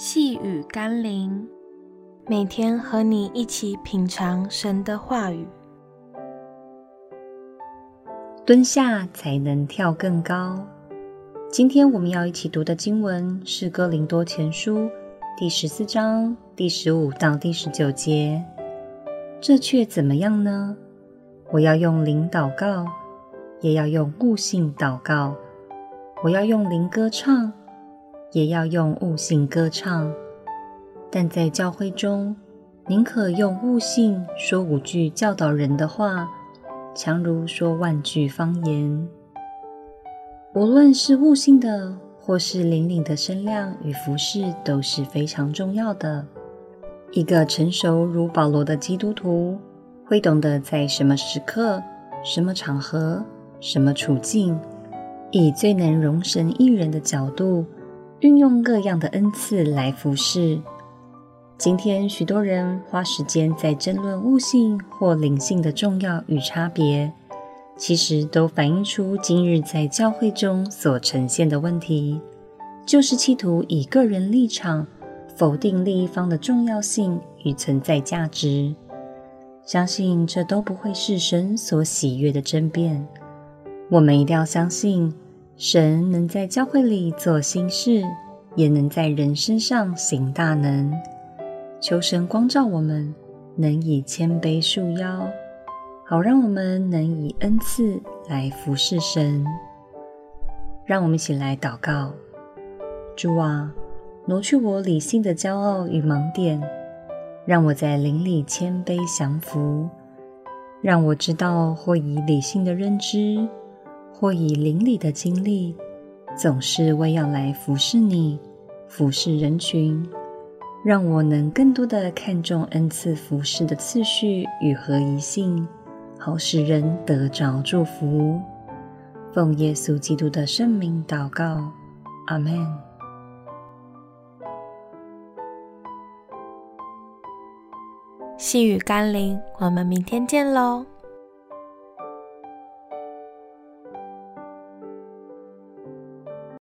細語甘霖，每天和你一起品嚐神的話語。蹲下才能跳更高。今天我們要一起讀的經文是《哥林多前書》第十四章第十五到第十九節。這卻怎麼樣呢？我要用靈禱告，也要用悟性禱告。我要用靈歌唱。也要用悟性歌唱，但在教會中，寧可用悟性說五句教導人的話，強如說萬句方言。無論是悟性的，或是靈裡的身量與服事，都是非常重要的。一個成熟如保羅的基督徒，會懂得在什麼時刻、什麼場合、什麼處境，以最能榮神益人的角度。運用各樣的恩賜來服侍。今天，許多人花時間在爭論悟性或靈性的重要與差別，其實都反映出今日在教會中所呈現的問題，就是企圖以個人立場，否定另一方的重要性與存在價值。相信這都不會是神所喜悅的爭辯。我們一定要相信。神能在教會裡做新事，也能在人身上行大能。求神光照我們，能以謙卑束腰，好讓我們能以恩賜來服侍神讓我們一起來禱告：主啊，挪去我理性的驕傲與盲點，讓我在靈裡謙卑降服，讓我知道或以理性的認知。或以靈裡的經歷，總是為要來服侍你，服侍人群，讓我能更多地看重恩賜服侍的次序與合宜性，好使人得着祝福。奉耶穌基督的聖名禱告，阿們！細語甘霖，我們明天見嘍。